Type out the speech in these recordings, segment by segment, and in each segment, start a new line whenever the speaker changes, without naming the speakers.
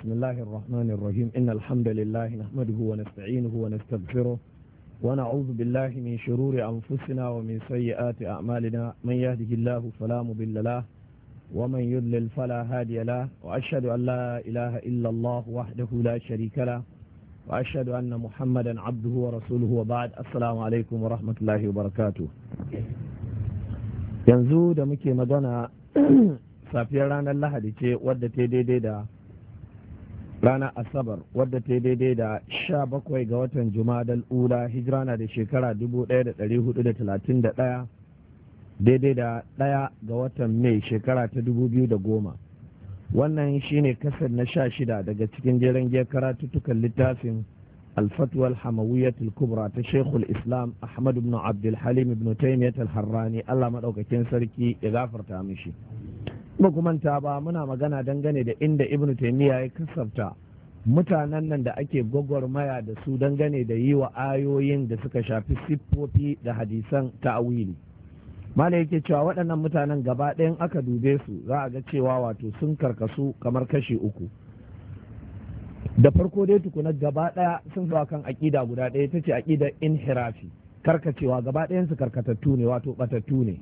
بسم الله الرحمن الرحيم إن الحمد لله نحمده ونستعينه ونستغفره ونعوذ بالله من شرور أنفسنا ومن سيئات أعمالنا من يهده الله فلا مضل له ومن يضلل فلا هادي له وأشهد أن لا إله إلا الله وحده لا شريك له وأشهد أن محمدا عبده ورسوله وبعد السلام عليكم ورحمة الله وبركاته yanzu da muke magana safiyar ranar lahadi ce wadda ta daidai da rana asabar wadda ta daidai da 17 ga watan jumadal ula hijira na da shekara 1431 daidai da ɗaya ga watan mai shekara ta 2010 wannan shine kasar na sha shida daga cikin jeren giyar karatuttukan littafin alfatwal hamawiyatul kubra ta shekul islam ahmad ibn halim ibn taimiyat al-harrani allah maɗaukakin sarki ya gafarta mishi ba manta ba muna magana dangane da inda ibnu taimiyya ya kasafta mutanen nan da ake gwagwarmaya da su dangane da yi wa ayoyin da suka shafi siffofi da hadisan ta'awili mala yake cewa waɗannan mutanen gaba ɗayan aka dube su za a ga cewa wato sun karkasu kamar kashi uku da farko dai tukuna gaba ɗaya sun zuwa kan aƙida guda ɗaya ta ce aƙidar inhirafi karkacewa gaba ɗayan su karkatattu ne wato ɓatattu ne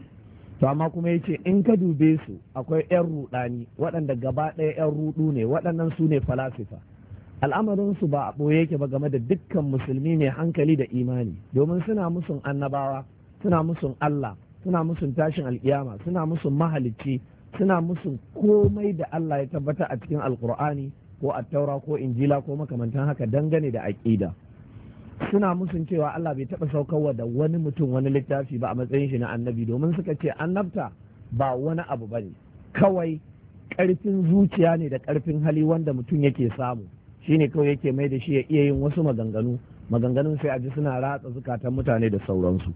to amma kuma yace in ka dube su akwai yan rudani waɗanda gaba ɗaya yan rudu ne waɗannan su ne falasifa al'amarin su ba a ɓoye yake ba game da dukkan musulmi mai hankali da imani domin suna musun annabawa suna musun Allah suna musun tashin alkiyama suna musun mahalicci suna musun komai da Allah ya tabbata a cikin alkur'ani ko attaura ko injila ko makamantan haka dangane da aƙida. suna musun cewa Allah bai taɓa saukarwa da wani mutum wani littafi ba a matsayin shi na annabi domin suka ce annabta ba wani abu ba ne kawai ƙarfin zuciya ne da ƙarfin hali wanda mutum yake samu Shi ne kawai yake mai da shi ya iya yin wasu maganganu maganganun sai a ji suna ratsa zukatan mutane da sauransu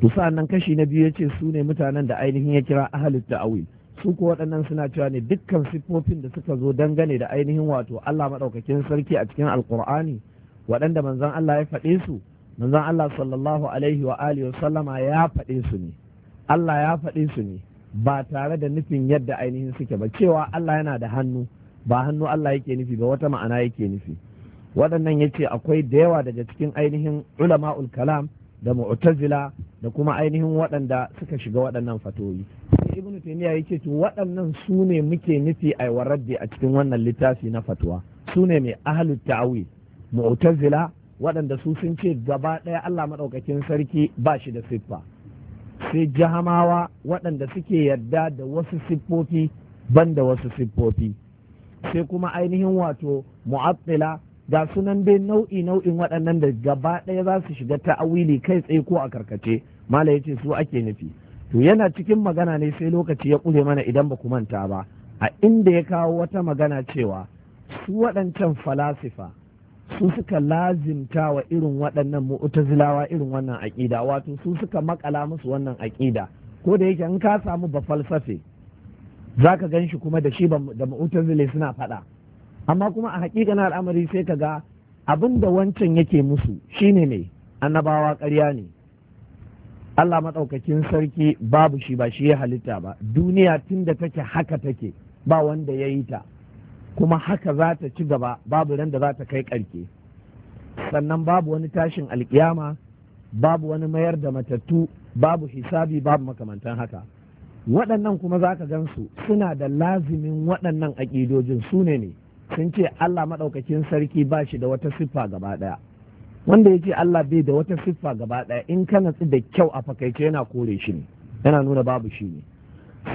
to nan kashi na biyu yace su ne mutanen da ainihin ya kira ahlul ta'awil su ko waɗannan suna cewa ne dukkan siffofin da suka zo dangane da ainihin wato Allah maɗaukakin sarki a cikin alkur'ani waɗanda manzon Allah ya faɗe su manzon Allah sallallahu alaihi wa alihi sallama ya faɗe su ne Allah ya faɗe su ne ba tare da nufin yadda ainihin suke ba cewa Allah yana da hannu ba hannu Allah yake nufi ba wata ma'ana yake nufi waɗannan ya ce akwai da yawa daga cikin ainihin ulama'ul kalam da mu'tazila da kuma ainihin waɗanda suka shiga waɗannan fatoyi ibn taymiya yake to waɗannan su ne muke nufi a waraddi a cikin wannan littafi na fatuwa su ne mai ahlut ta'wil mu'tazila waɗanda su sun ce gaba ɗaya Allah maɗaukakin sarki ba shi da siffa sai jahamawa waɗanda suke yarda da wasu siffofi banda wasu siffofi sai kuma ainihin wato mu'attila ga sunan dai nau'i nau'in waɗannan da gaba ɗaya za su shiga ta'awili kai tsaye ko a karkace mala ya ce su ake nufi to yana cikin magana ne sai lokaci ya ƙure mana idan ba ku manta ba a inda ya kawo wata magana cewa su waɗancan falasifa su suka lazimta wa irin waɗannan mu'tazilawa irin wannan aƙida wato su suka makala musu wannan aƙida ko da yake in ka samu ba falsafe za ka gan shi kuma da shi da mu'tazile suna faɗa amma kuma a na al'amari sai ka ga abin da wancan yake musu shine ne annabawa ƙarya ne Allah maɗaukakin sarki babu shi ba shi ya halitta ba duniya tun da take haka take ba wanda ya yi ta kuma haka za ta ci gaba babu randa za ta kai karke sannan babu wani tashin alkiyama babu wani mayar da matattu babu hisabi babu makamantan haka waɗannan kuma za ka gansu suna da lazimin waɗannan aƙidojin su ne ne sun ce Allah maɗaukakin sarki ba shi da wata siffa gaba ɗaya wanda ya ce Allah bai da wata siffa gaba ɗaya in ka natsu da kyau a fakaice yana kore shi ne yana nuna babu shi ne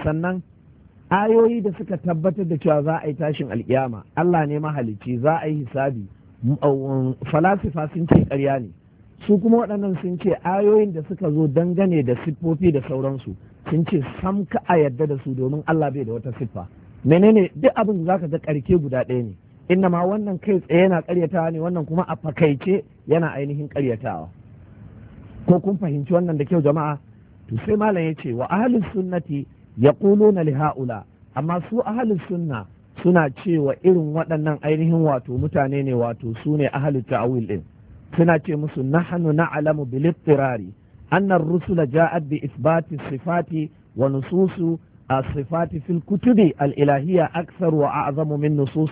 sannan ayoyi da suka tabbatar da cewa za a yi tashin alkiyama Allah ne mahalicci za a yi hisabi falasifa sun ce ƙarya ne su kuma waɗannan sun ce ayoyin da suka zo dangane da siffofi da sauransu sun ce sam ka a yarda da su domin Allah bai da wata siffa menene duk abin za ka ga ƙarke guda ɗaya ne inna ma wannan kai tsaye yana karyatawa ne wannan kuma a fakaice yana ainihin karyatawa. ko kun fahimci wannan da kyau jama'a to sai malam ya ce wa ahlus sunnati يقولون لهؤلاء أما سوء أهل السنة سنة شيء وإن ودنا أيهم واتو متانين واتو سنة أهل التعويل إن سنة نحن نعلم بالاضطرار أن الرسل جاءت بإثبات الصفات ونصوص الصفات في الكتب الإلهية أكثر وأعظم من نصوص